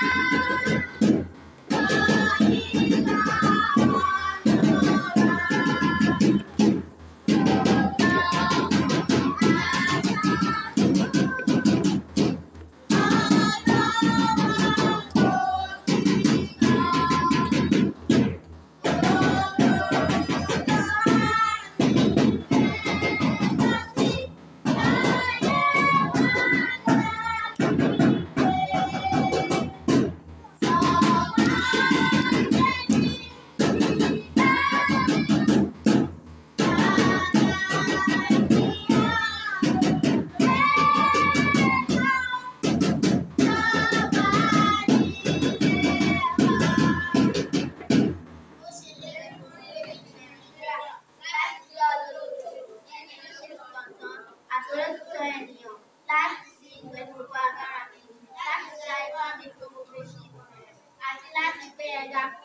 Thank you. Great Canyon,